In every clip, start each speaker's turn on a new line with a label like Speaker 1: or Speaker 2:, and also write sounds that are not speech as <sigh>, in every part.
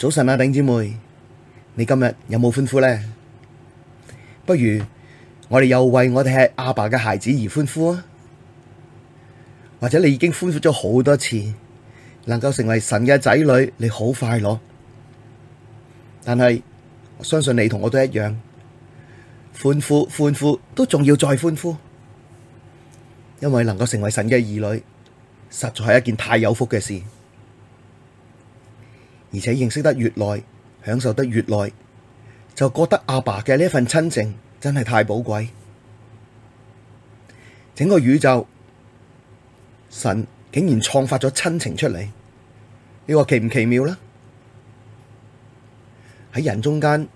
Speaker 1: 早晨啊，頂姐妹，你今日有冇歡呼咧？不如我哋又為我哋係阿爸嘅孩子而歡呼啊！或者你已經歡呼咗好多次，能夠成為神嘅仔女，你好快樂。但係我相信你同我都一樣，歡呼歡呼都仲要再歡呼，因為能夠成為神嘅兒女，實在係一件太有福嘅事。而且認識得越耐，享受得越耐，就覺得阿爸嘅呢份親情真係太寶貴。整個宇宙，神竟然創發咗親情出嚟，你話奇唔奇妙呢？喺人中間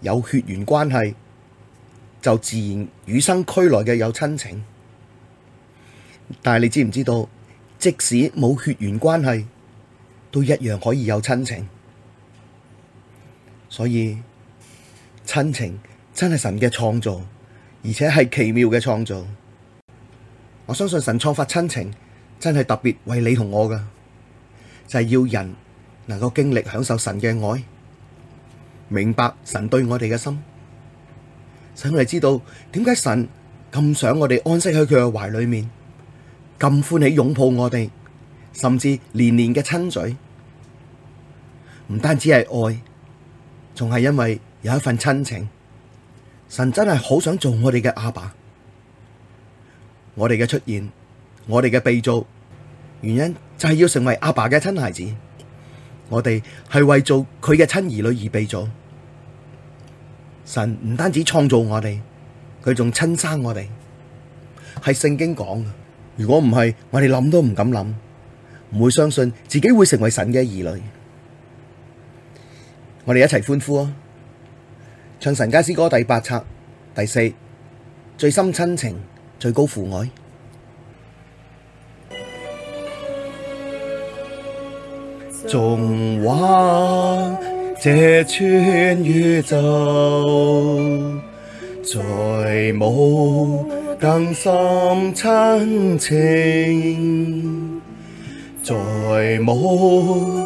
Speaker 1: 有血緣關係，就自然與生俱來嘅有親情。但係你知唔知道，即使冇血緣關係，都一樣可以有親情，所以親情真係神嘅創造，而且係奇妙嘅創造。我相信神創發親情真係特別為你同我噶，就係、是、要人能夠經歷享受神嘅愛，明白神對我哋嘅心，使我哋知道點解神咁想我哋安息喺佢嘅懷裏面，咁歡喜擁抱我哋，甚至連連嘅親嘴。唔單止係愛，仲係因為有一份親情。神真係好想做我哋嘅阿爸，我哋嘅出現，我哋嘅被造，原因就係要成為阿爸嘅親孩子。我哋係為做佢嘅親兒女而被造。神唔單止創造我哋，佢仲親生我哋。係聖經講嘅，如果唔係，我哋諗都唔敢諗，唔會相信自己會成為神嘅兒女。我哋一齊歡呼啊！唱神家詩歌第八冊第四，最深親情，最高父愛。
Speaker 2: 縱橫 <music> 這全宇宙，再無更深親情，再無。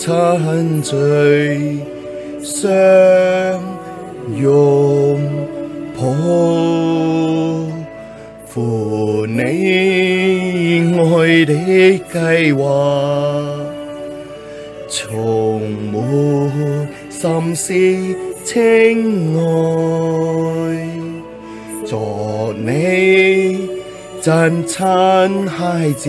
Speaker 2: 親嘴相擁抱，父，你愛的計劃，充滿深思情愛，作你真親孩子。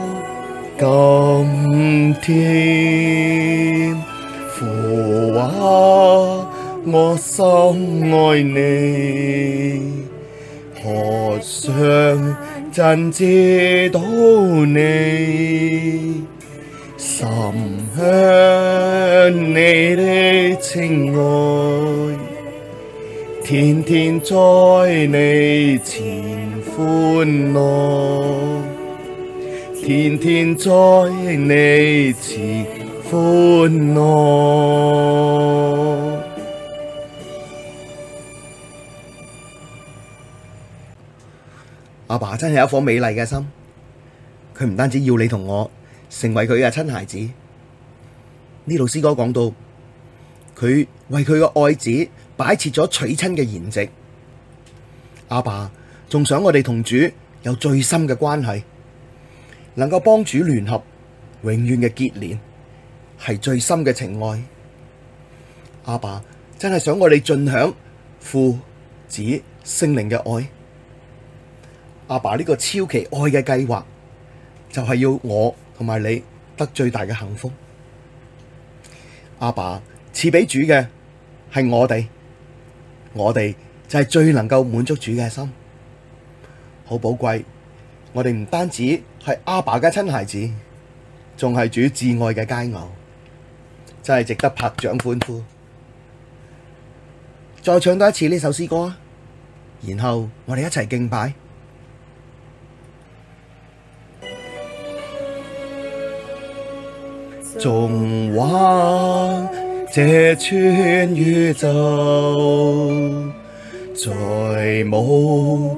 Speaker 2: 今天，父啊，我心愛你，渴想真知道你深享你的情愛，天天在你前歡樂。天天在你前歡樂。
Speaker 1: 阿爸真係有一顆美麗嘅心，佢唔單止要你同我成為佢嘅親孩子。呢度詩歌講到，佢為佢嘅愛子擺設咗娶親嘅筵席。阿爸仲想我哋同主有最深嘅關係。能夠幫主聯合，永遠嘅結連係最深嘅情愛。阿爸真係想我哋盡享父子聖靈嘅愛。阿爸呢個超期愛嘅計劃，就係、是、要我同埋你得最大嘅幸福。阿爸賜俾主嘅係我哋，我哋就係最能夠滿足主嘅心，好寶貴。我哋唔單止係阿爸嘅親孩子，仲係主至愛嘅佳偶，真係值得拍掌歡呼！再唱多一次呢首詩歌，然後我哋一齊敬拜。
Speaker 2: 縱橫 <music> 這全宇宙，再無。」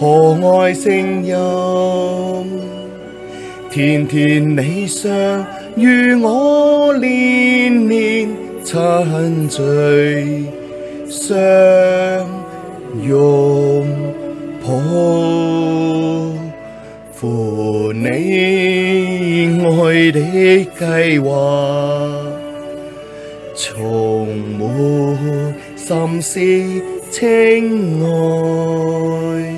Speaker 2: 可愛聲音，天天祢想與我連連親嘴，相擁抱，父，祢愛的計劃，充滿深思情愛。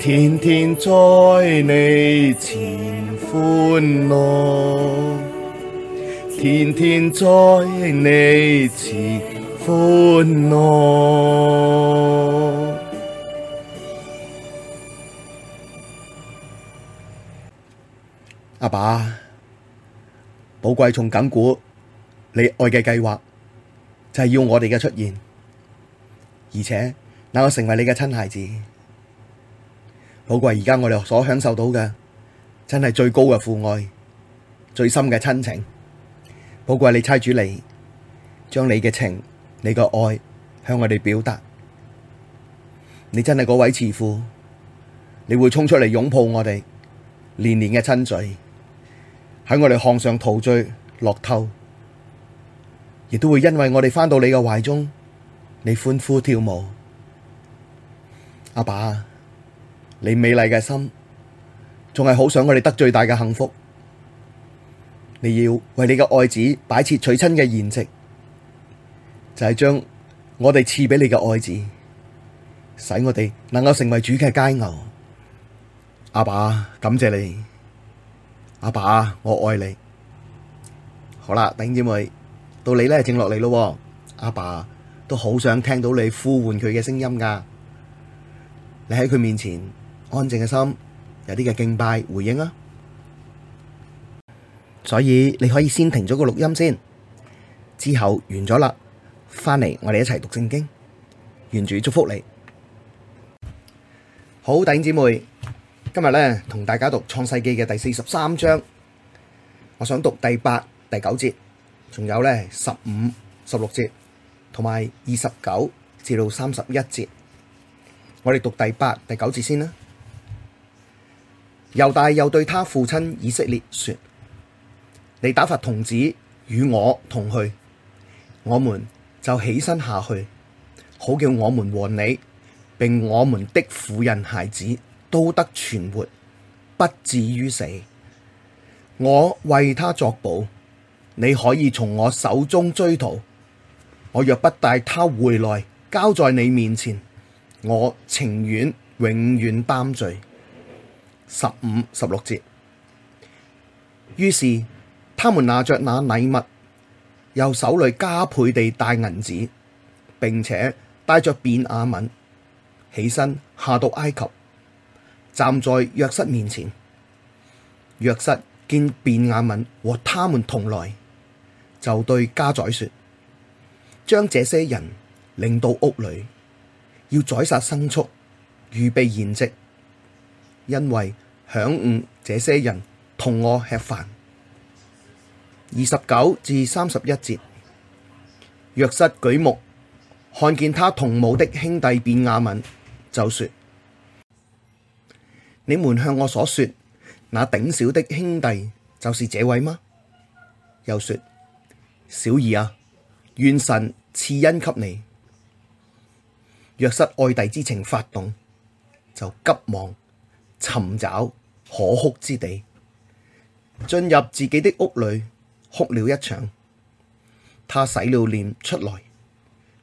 Speaker 2: 天天在你前歡樂，天天在你前歡樂。阿爸，爸，寶貴
Speaker 1: 從緊古，你愛嘅計劃就係、是、要我哋嘅出現，而且能夠成為你嘅親孩子。寶貴而家我哋所享受到嘅，真係最高嘅父愛、最深嘅親情。寶貴你差主嚟，將你嘅情、你嘅愛向我哋表達。你真係嗰位慈父，你會衝出嚟擁抱我哋，連連嘅親嘴，喺我哋項上陶醉、樂透，亦都會因為我哋返到你嘅懷中，你歡呼跳舞。阿爸，爸。你美麗嘅心，仲係好想我哋得最大嘅幸福。你要為你嘅愛子擺設娶親嘅筵席，就係、是、將我哋賜俾你嘅愛子，使我哋能夠成為主嘅佳牛。阿爸，爸，感謝你，阿爸，爸，我愛你。好啦，頂姐妹，到你呢？正落嚟咯。阿爸，爸都好想聽到你呼喚佢嘅聲音噶，你喺佢面前，安靜嘅心，有啲嘅敬拜回應啊！所以你可以先停咗個錄音先，之後完咗啦，返嚟我哋一齊讀聖經，願主祝福你。好，弟兄姐妹，今日呢，同大家讀創世記嘅第四十三章，我想讀第八、第九節，仲有呢十五、十六節，同埋二十九至到三十一節，我哋讀第八、第九節先啦。猶大又對他父親以色列說：你打發童子與我同去，我們就起身下去，好叫我們和你，並我們的婦人孩子都得存活，不至於死。我為他作保，你可以從我手中追討。我若不帶他回來，交在你面前，我情願永遠擔罪。十五、十六節。於是，他們拿着那禮物，又手裡加倍地帶銀子，並且帶着便雅憫，起身下到埃及，站在約瑟面前。約瑟見便雅憫和他們同來，就對家宰說：將這些人領到屋裡，要宰殺牲畜，預備筵席。因為晌午這些人同我吃飯，二十九至三十一節，約瑟舉目看見他同母的兄弟便雅憫，就説：你們向我所説那頂小的兄弟就是這位嗎？又説：小兒啊，願神賜恩給你。約瑟愛弟之情發動，就急忙，尋找可哭之地，進入自己的屋裡，哭了一場。他洗了臉出來，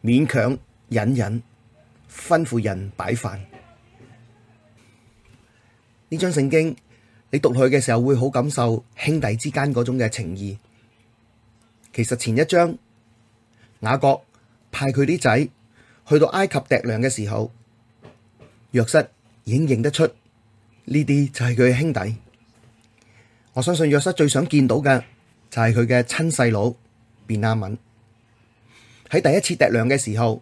Speaker 1: 勉強隱忍，吩咐人擺飯。呢章聖經你讀去嘅時候，會好感受兄弟之間嗰種嘅情義。其實前一章雅各派佢啲仔去到埃及糴糧嘅時候，約瑟已經認得出。呢啲就係佢嘅兄弟，我相信約瑟最想見到嘅就係佢嘅親細佬便雅憫。喺第一次揼糧嘅時候，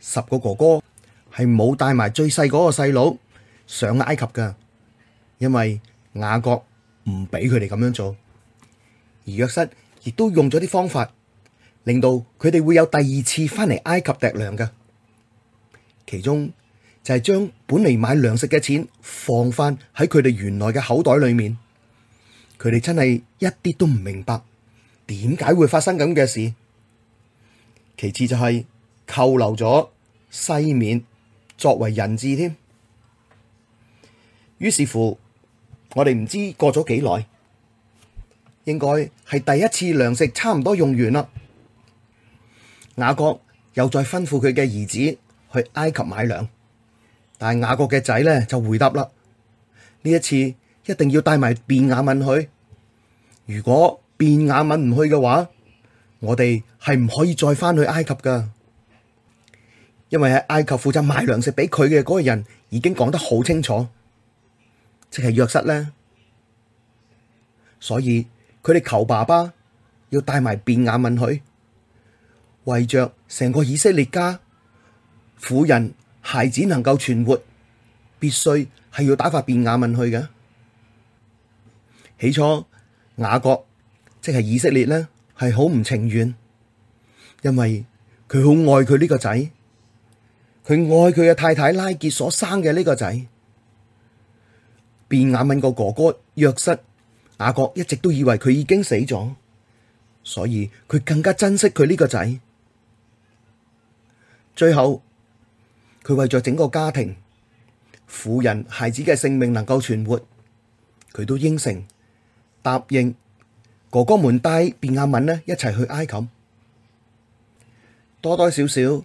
Speaker 1: 十個哥哥係冇帶埋最細嗰個細佬上埃及嘅，因為雅各唔俾佢哋咁樣做。而約瑟亦都用咗啲方法，令到佢哋會有第二次翻嚟埃及揼糧嘅，其中。就係將本嚟買糧食嘅錢放翻喺佢哋原來嘅口袋裏面，佢哋真係一啲都唔明白點解會發生咁嘅事。其次就係扣留咗西緬作為人質添。於是乎，我哋唔知過咗幾耐，應該係第一次糧食差唔多用完啦。雅各又再吩咐佢嘅兒子去埃及買糧。但係雅各嘅仔咧就回答啦，呢一次一定要帶埋便雅憫去。如果便雅憫唔去嘅話，我哋係唔可以再翻去埃及噶，因為喺埃及負責買糧食俾佢嘅嗰個人已經講得好清楚，即係約瑟咧。所以佢哋求爸爸要帶埋便雅憫去，為着成個以色列家婦人孩子能夠存活，必須係要打發便雅憫去嘅。起初，雅各即係以色列咧，係好唔情願，因為佢好愛佢呢個仔，佢愛佢嘅太太拉結所生嘅呢個仔。便雅憫個哥哥約瑟，雅各一直都以為佢已經死咗，所以佢更加珍惜佢呢個仔。最後。佢為咗整個家庭、婦人、孩子嘅性命能夠存活，佢都應承、答應哥哥們帶便雅憫呢一齊去埃及。多多少少，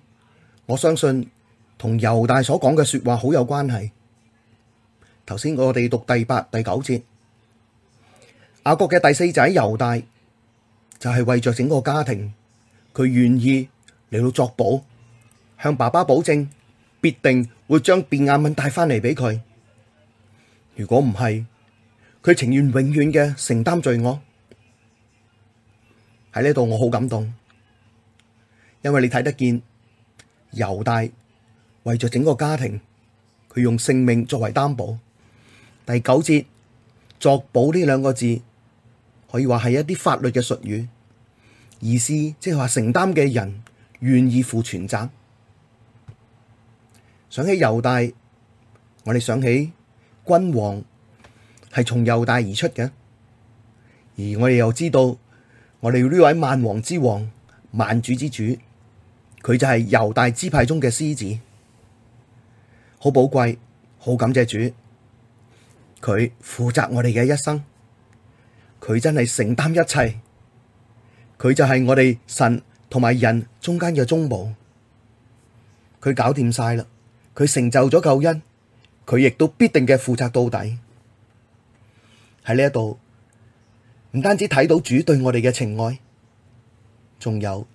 Speaker 1: 我相信同猶大所講嘅說話好有關係。頭先我哋讀第八、第九節，雅各嘅第四仔猶大就係、是、為咗整個家庭，佢願意嚟到作保，向爸爸保證。必定會將便雅憫帶翻嚟俾佢。如果唔係，佢情願永遠嘅承擔罪惡。喺呢度我好感動，因為你睇得見猶大為着整個家庭，佢用性命作為擔保。第九節作保呢兩個字，可以話係一啲法律嘅術語，意思即係話承擔嘅人願意負全責。想起猶大，我哋想起君王係從猶大而出嘅，而我哋又知道我哋呢位萬王之王、萬主之主，佢就係猶大支派中嘅獅子，好寶貴，好感謝主，佢負責我哋嘅一生，佢真係承擔一切，佢就係我哋神同埋人中間嘅中保。佢搞掂晒啦。佢成就咗救恩，佢亦都必定嘅負責到底。喺呢一度，唔單止睇到主對我哋嘅情愛，仲有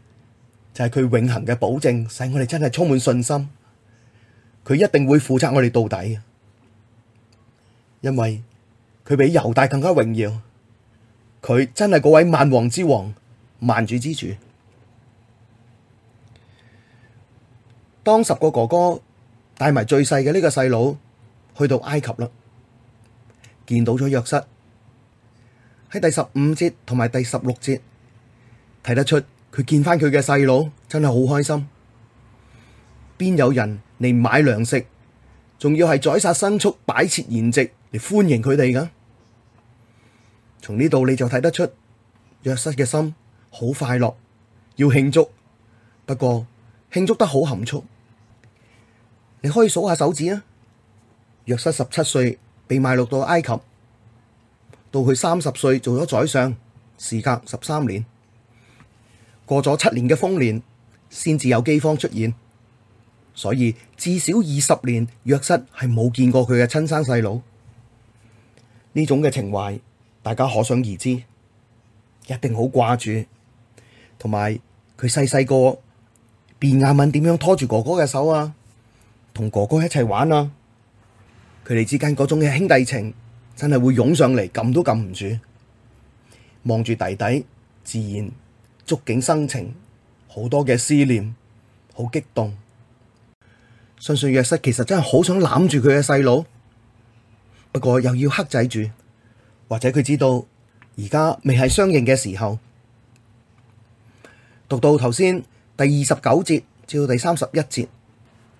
Speaker 1: 就係、是、佢永恆嘅保證，使我哋真係充滿信心。佢一定會負責我哋到底，因為佢比猶大更加榮耀。佢真係嗰位萬王之王、萬主之主。當十個哥哥。帶埋最細嘅呢個細佬去到埃及啦，見到咗約瑟。喺第十五節同埋第十六節睇得出，佢見翻佢嘅細佬真係好開心。邊有人嚟買糧食，仲要係宰殺牲畜、擺設筵席嚟歡迎佢哋噶？從呢度你就睇得出約瑟嘅心好快樂，要慶祝，不過慶祝得好含蓄。你可以數下手指啊！約瑟十七歲被賣落到埃及，到佢三十歲做咗宰相，時隔十三年，過咗七年嘅豐年，先至有饑荒出現。所以至少二十年，約瑟係冇見過佢嘅親生細佬。呢種嘅情懷，大家可想而知，一定好掛住，同埋佢細細個，便雅憫點樣拖住哥哥嘅手啊！同哥哥一齊玩啊！佢哋之間嗰種嘅兄弟情，真係會湧上嚟，撳都撳唔住。望住弟弟，自然觸景生情，好多嘅思念，好激動。相信約瑟其實真係好想攬住佢嘅細佬，不過又要克制住，或者佢知道而家未係相認嘅時候。讀到頭先第二十九節至到第三十一節。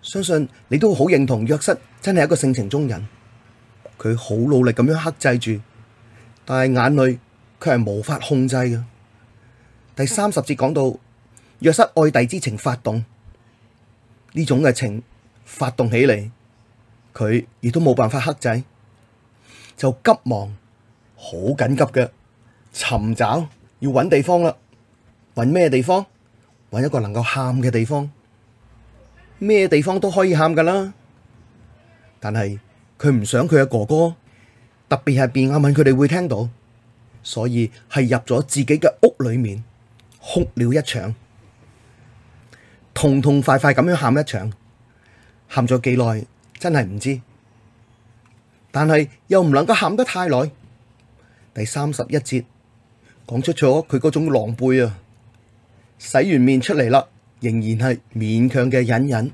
Speaker 1: 相信你都好認同，約瑟真係一個性情中人，佢好努力咁樣克制住，但係眼淚卻係無法控制嘅。第三十節講到，約瑟愛弟之情發動，呢種嘅情發動起嚟，佢亦都冇辦法克制，就急忙好緊急嘅尋找要揾地方啦，揾咩地方？揾一個能夠喊嘅地方。咩地方都可以喊噶啦，但係佢唔想佢嘅哥哥，特別係便雅憫佢哋會聽到，所以係入咗自己嘅屋裏面哭了一場，痛痛快快咁樣喊一場，喊咗幾耐真係唔知，但係又唔能夠喊得太耐。第三十一節講出咗佢嗰種狼狽啊，洗完面出嚟啦。仍然係勉強嘅隱忍，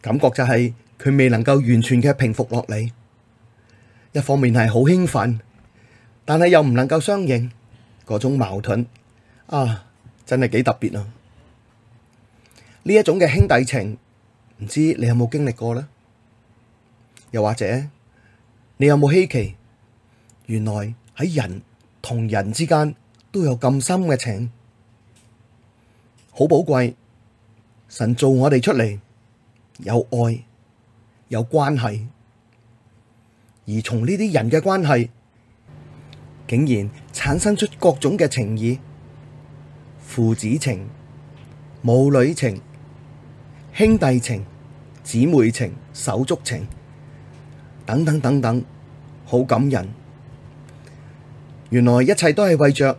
Speaker 1: 感覺，就係佢未能夠完全嘅平復落嚟。一方面係好興奮，但係又唔能夠相認嗰種矛盾啊，真係幾特別啊！呢一種嘅兄弟情，唔知你有冇經歷過呢？又或者你有冇稀奇？原來喺人同人之間都有咁深嘅情。好寶貴，神造我哋出嚟，有愛，有關係，而從呢啲人嘅關係，竟然產生出各種嘅情意，父子情、母女情、兄弟情、姊妹情、手足情，等等等等，好感人。原來一切都係為着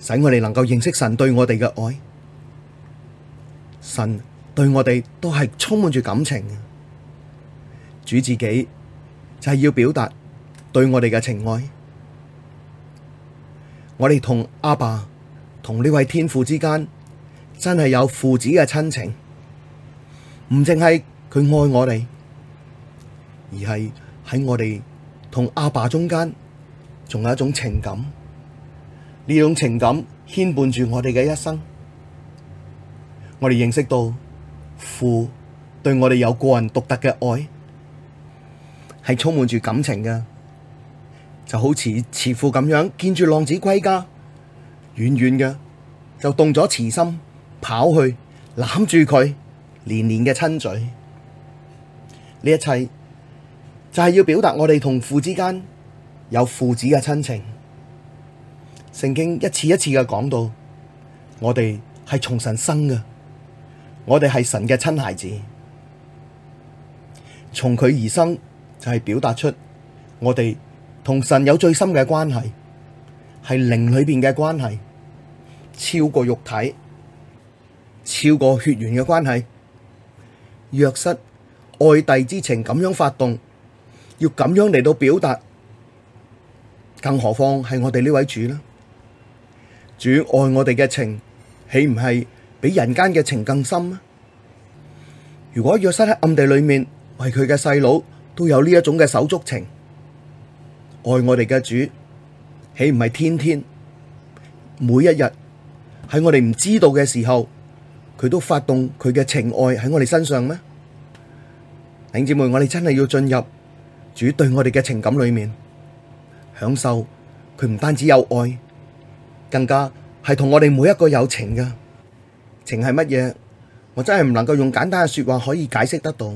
Speaker 1: 使我哋能夠認識神對我哋嘅愛。神對我哋都係充滿住感情，主自己就係要表達對我哋嘅情愛。我哋同阿爸、同呢位天父之間真係有父子嘅親情，唔淨係佢愛我哋，而係喺我哋同阿爸中間仲有一種情感，呢種情感牽絆住我哋嘅一生。我哋認識到父對我哋有個人獨特嘅愛，係充滿住感情噶，就好似慈父咁樣見住浪子歸家，遠遠嘅就動咗慈心跑去攬住佢，連連嘅親嘴。呢一切就係要表達我哋同父之間有父子嘅親情。聖經一次一次嘅講到，我哋係從神生嘅。我哋係神嘅親孩子，從佢而生就係、是、表達出我哋同神有最深嘅關係，係靈裏邊嘅關係，超過肉體，超過血緣嘅關係，若失愛弟之情，咁樣發動，要咁樣嚟到表達，更何況係我哋呢位主呢？主愛我哋嘅情，豈唔係？比人間嘅情更深啊！如果約瑟喺暗地裏面為佢嘅細佬都有呢一種嘅手足情，愛我哋嘅主，豈唔係天天每一日喺我哋唔知道嘅時候，佢都發動佢嘅情愛喺我哋身上咩？弟兄姊妹，我哋真係要進入主對我哋嘅情感裏面，享受佢唔單止有愛，更加係同我哋每一個有情㗎。情係乜嘢？我真係唔能夠用簡單嘅說話可以解釋得到。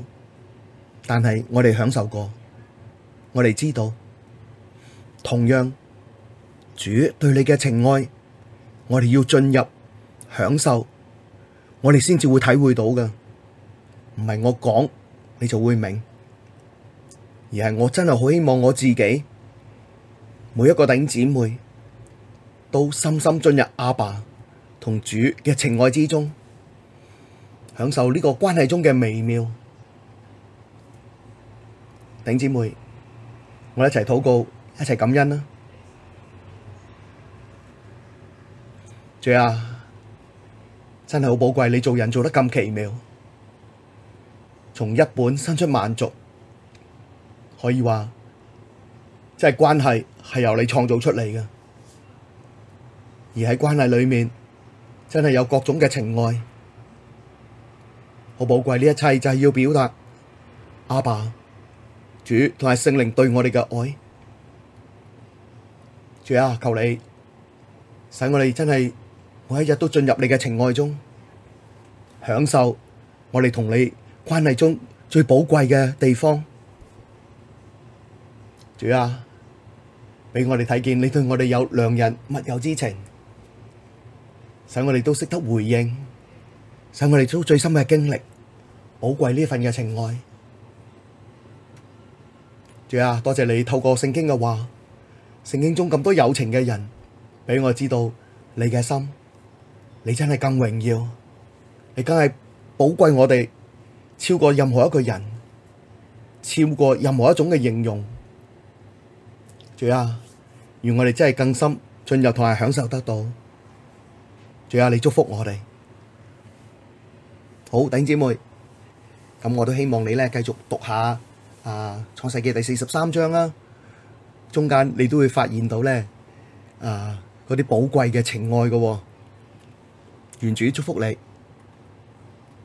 Speaker 1: 但係我哋享受過，我哋知道，同樣主對你嘅情愛，我哋要進入享受，我哋先至會體會到㗎。唔係我講你就會明，而係我真係好希望我自己每一個弟兄姊妹都深深進入阿爸，同主嘅情愛之中，享受呢個關係中嘅微妙。頂姊妹，我一齊禱告，一齊感恩啦。主啊，真係好寶貴，你做人做得咁奇妙，從一本生出萬族，可以話，即係關係係由你創造出嚟嘅，而喺關係裏面。真係有各種嘅情愛，好寶貴。呢一切就係要表達阿爸、主同埋聖靈對我哋嘅愛。主啊，求你使我哋真係每一日都進入你嘅情愛中，享受我哋同你關係中最寶貴嘅地方。主啊，俾我哋睇見你對我哋有良人密友之情。使我哋都識得回應，使我哋都最深嘅經歷，寶貴呢份嘅情愛。主啊，多謝你透過聖經嘅話，聖經中咁多友情嘅人，俾我知道你嘅心，你真係咁榮耀，你梗係寶貴我哋，超過任何一個人，超過任何一種嘅形容。主啊，願我哋真係更深進入同埋享受得到。仲有你祝福我哋，好弟兄姊妹，咁我都希望你咧繼續讀下《啊創世記》第四十三章啦，啊，中間你都會發現到咧，啊嗰啲寶貴嘅情愛嘅，哦，願主祝福你。